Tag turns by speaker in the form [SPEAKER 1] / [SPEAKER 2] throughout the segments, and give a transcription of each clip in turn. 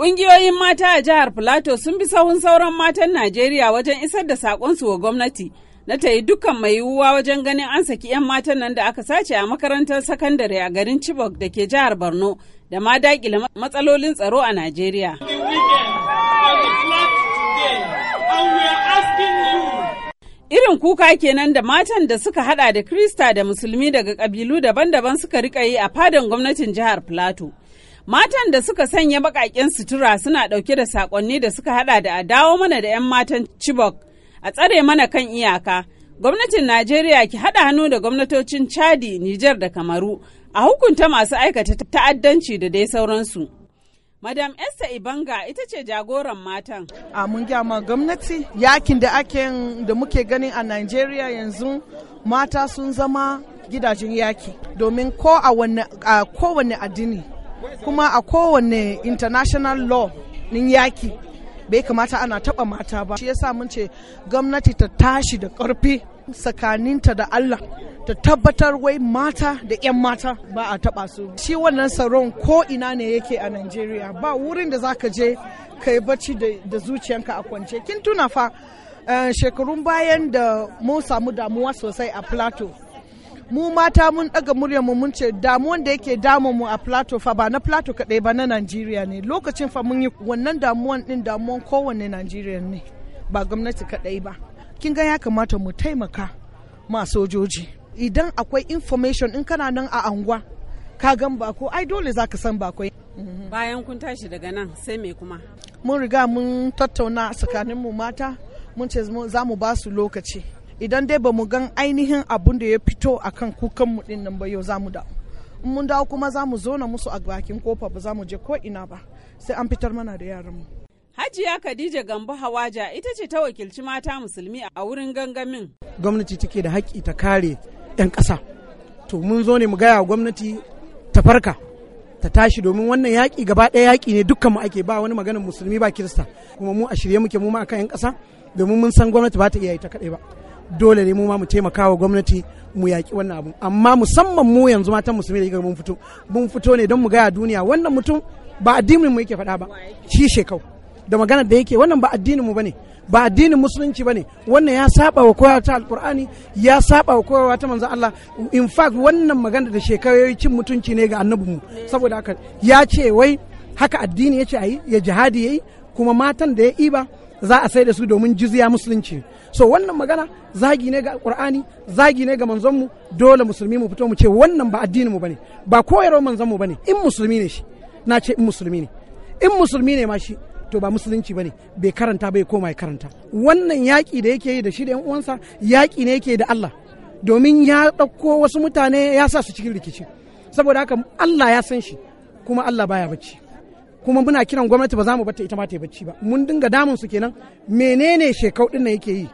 [SPEAKER 1] Ƙungiyoyin mata a jihar Filato sun bi sahun sauran matan Najeriya wajen isar da saƙonsu wa gwamnati na ta yi dukkan mai yiwuwa wajen ganin an saki 'yan matan nan da aka sace a makarantar sakandare a garin Chibok da ke jihar Borno da ma daƙile matsalolin tsaro a Najeriya. Irin kuka kenan da matan da suka hada da Krista da Musulmi daga ƙabilu daban-daban suka rika yi a fadan gwamnatin jihar Plateau. Matan da suka sanya baƙaƙen sutura suna ɗauke da sakonni da suka haɗa da a dawo mana da 'yan matan Chibok, a tsare mana kan iyaka. Gwamnatin Najeriya ki haɗa hannu da gwamnatocin Chadi, Nijar da Kamaru, a hukunta masu aikata ta'addanci da dai sauransu. Madam Esther Ibanga ita ce jagoran matan.
[SPEAKER 2] A mun gyama gwamnati yakin da ake da muke ganin a Najeriya yanzu mata sun zama gidajen yaki domin ko a kowane addini kuma a kowane international law nin yaki bai kamata ana taba mata ba shi yasa mun ce gwamnati ta tashi da ƙarfi tsakaninta da Allah ta tabbatar wai mata da 'yan mata ba a taba su shi wannan tsaron ko ina ne yake a Najeriya ba wurin da za ka je kai yi bacci da zuciyanka a kwance kin tuna fa eh, shekarun bayan da mun samu damuwa sosai a plateau mu mata mun daga muryar mu mun ce damuwan da yake damu mu a plato fa ba na plato kadai ba na Najeriya ne lokacin fa mun yi wannan damuwan din damuwan kowanne Najeriya ne ba gwamnati kadai ba kin ga ya kamata mu taimaka ma sojoji idan akwai information in kana nan a angwa ka gan ba ko ai dole zaka san ba bakwai
[SPEAKER 1] bayan kun tashi daga nan sai me kuma
[SPEAKER 2] mun riga mun tattauna tsakanin mu mata mun ce za mu ba su lokaci idan dai ba mu gan ainihin abun da ya fito a kan kukanmu din nan ba yau za mu da mun dawo kuma za mu zona musu a bakin kofa ba za mu je ko ina ba sai an fitar mana da yaranmu.
[SPEAKER 1] Hajiya Khadija Gambo Hawaja ita ce ta wakilci mata musulmi a wurin gangamin.
[SPEAKER 3] Gwamnati take da haƙƙi ta kare 'yan ƙasa. To mun zo ne mu gaya gwamnati ta farka ta tashi domin wannan yaƙi gaba ɗaya yaƙi ne dukkan mu ake ba wani maganar musulmi ba kirista kuma mu a shirye muke mu ma akan 'yan ƙasa domin mun san gwamnati ba ta iya yi ta kaɗai ba. dole ne mu ma mu taimaka wa gwamnati mu yaƙi wannan abu amma musamman mu yanzu matan musulmi da mun fito mun fito ne don mu gaya duniya wannan mutum ba addinin mu yake faɗa ba shi shekau da maganar da yake wannan ba addinin mu bane ba addinin musulunci bane wannan ya saba wa koyarwa ta alqur'ani ya saba wa koyarwa ta manzon Allah in fact wannan magana da shekaru cin mutunci ne ga annabinmu saboda haka ya ce wai haka addini ya ce ayi ya jihadi yayi kuma matan da ya iba za a sai da su domin jizya musulunci so wannan magana zagi ne ga alkur'ani zagi ne ga manzonmu dole musulmi mu fito mu ce wannan ba addinin mu bane ba koyarwar manzon bane in musulmi ne shi na ce in musulmi ne in musulmi ne ma shi to ba musulunci bane bai karanta bai koma ya karanta wannan yaƙi da yake yi da shi da yan uwansa yaƙi ne yake da Allah domin ya ɗauko wasu mutane ya sa su cikin rikici saboda haka Allah ya san shi kuma Allah baya bacci kuma muna kiran gwamnati ba za mu bata ita ma ta yi bacci ba mun dinga damun su kenan menene shekau din nan yake yi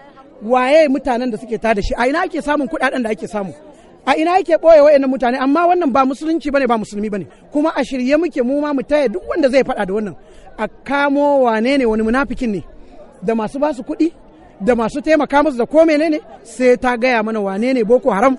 [SPEAKER 3] waye mutanen da suke tada shi a ina ake samun kuɗaɗen da ake samu a ina yake ɓoye wayannan mutane amma wannan ba musulunci bane ba musulmi bane kuma a shirye muke mu ma mu taya duk wanda zai faɗa da wannan a kamo wane ne wani munafikin ne da masu basu kuɗi da masu taimaka musu da ko menene sai ta gaya mana wane ne boko haram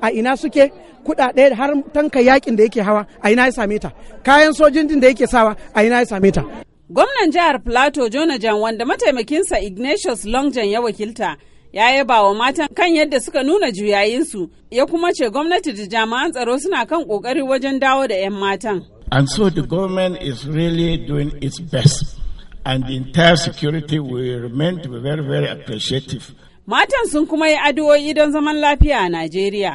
[SPEAKER 3] a ina suke kuɗaɗe har tanka yakin da yake hawa a ina ya same ta kayan sojin da yake sawa a ina ya same ta
[SPEAKER 1] gwamnan jihar plato jonajan wanda mataimakinsa ignatius longjan ya wakilta ya yaba wa matan kan yadda suka nuna juyayinsu ya kuma ce gwamnati da jami'an tsaro suna kan kokari wajen dawo da 'yan matan
[SPEAKER 2] and so the government is really doing its best and the entire security will remain to be very very appreciative
[SPEAKER 1] matan sun kuma yi addu'o'i don zaman lafiya a najeriya